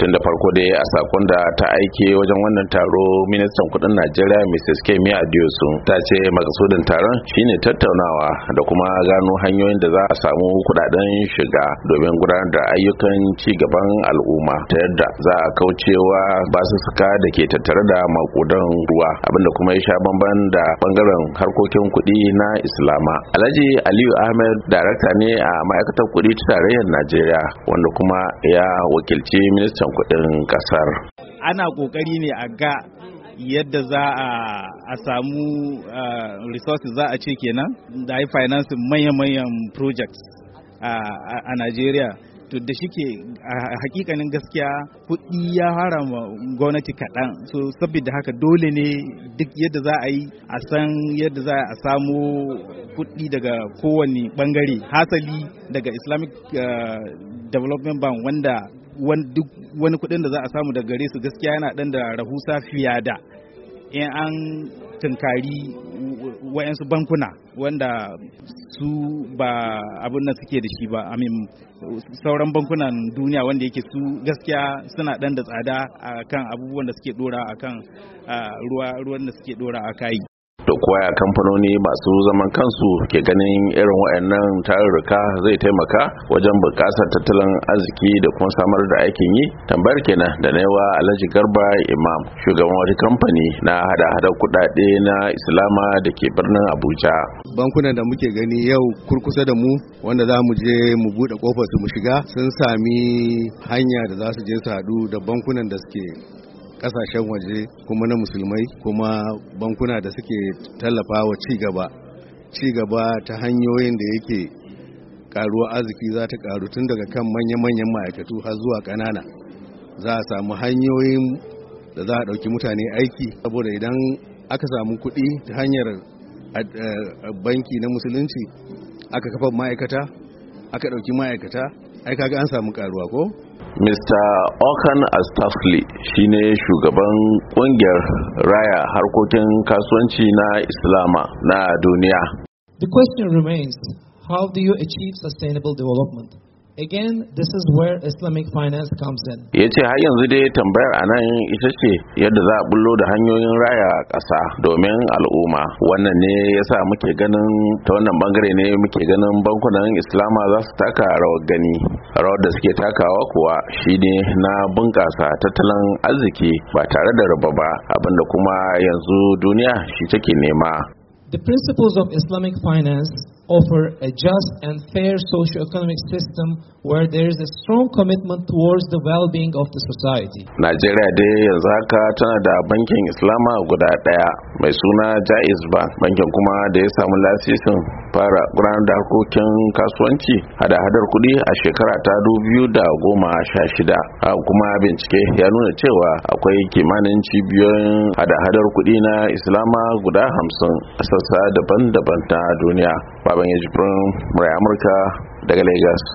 tun da farko dai a sakon da ta aike wajen wannan taro ministan kudin najeriya mrs kemi adiosu ta ce makasudin taron shine tattaunawa da kuma gano hanyoyin da za a samu kudaden shiga domin gudanar da ayyukan ci gaban al'umma ta yadda za a kaucewa basussuka da ke tattare da makudan ruwa abinda kuma ya sha bamban da bangaren harkokin kudi na islama alhaji aliyu ahmed darakta ne a ma'aikatar kudi ta tarayyar najeriya wanda kuma ya wakilci ministan rahoton kudin ƙasar. Ana ƙoƙari ne a ga yadda za a samu resources za a ce kenan da yi financing manya-manyan projects a Najeriya. To da shike a hakikanin gaskiya kuɗi ya fara ma gwamnati kaɗan. So saboda haka dole ne duk yadda za a yi a san yadda za a samu kuɗi daga kowane ɓangare hasali daga Islamic eh, Development Bank wanda duk wani kuɗin da za a samu daga gare su gaskiya yana ɗan da rahusa fiya da in an tunkari wayansu bankuna wanda su ba abin nan suke da shi ba amin sauran bankunan duniya wanda yake su gaskiya suna dan da tsada a kan abubuwan da suke dora a kan ruwan da suke dora a kayi to koya kamfanoni masu zaman kansu ke ganin irin waɗannan tarurruka zai taimaka wajen bukasar tattalin arziki da kuma samar da aikin yi tambayar kenan da naiwa alhaji garba imam shugaban wani kamfani na hada-hada kudade na islama da ke birnin abuja bankunan da muke gani yau kurkusa da mu wanda za mu je mu buɗe kofar su mu shiga sun sami hanya da za su je su haɗu da bankunan da suke kasashen waje kuma na musulmai kuma bankuna da suke tallafa wa cigaba cigaba ta hanyoyin da yake karuwa arziki za ta karu tun daga kan manya-manyan ma'aikatu har zuwa kanana za a samu hanyoyin da za a ɗauki mutane aiki saboda idan aka samu kuɗi ta hanyar eh, banki na musulunci aka kafa ma'aikata aka ɗauki ma'aikata ai kaga an samu karuwa ko Mr. Okan Astafli shine shugaban kungiyar raya harkokin kasuwanci na Islama na duniya. The question remains, how do you achieve sustainable development? Again, this is where Islamic finance comes in. Ya ce har yanzu dai tambayar a nan ita ce yadda za a bullo da hanyoyin raya ƙasa domin al'umma. Wannan ne ya sa muke ganin ta wannan bangare ne muke ganin bankunan Islama za su taka rawar gani. Rawar da suke takawa kuwa shine na bunƙasa tattalin arziki ba tare da raba ba abinda kuma yanzu duniya shi take nema. The principles of Islamic finance offer a just and fair socio-economic system where there is a strong commitment towards the well-being of the society. Najeriya dai yanzu haka tana da bankin Islama guda daya mai suna Jaiz Bank, bankin kuma da ya samu lasisin fara gudanar da harkokin kasuwanci hada-hadar kudi a shekara ta da goma sha shida. kuma bincike ya nuna cewa akwai kimanin cibiyoyin hada-hadar kudi na Islama guda hamsin a sassa daban-daban ta duniya. baban ya jibrin murai amurka daga lagos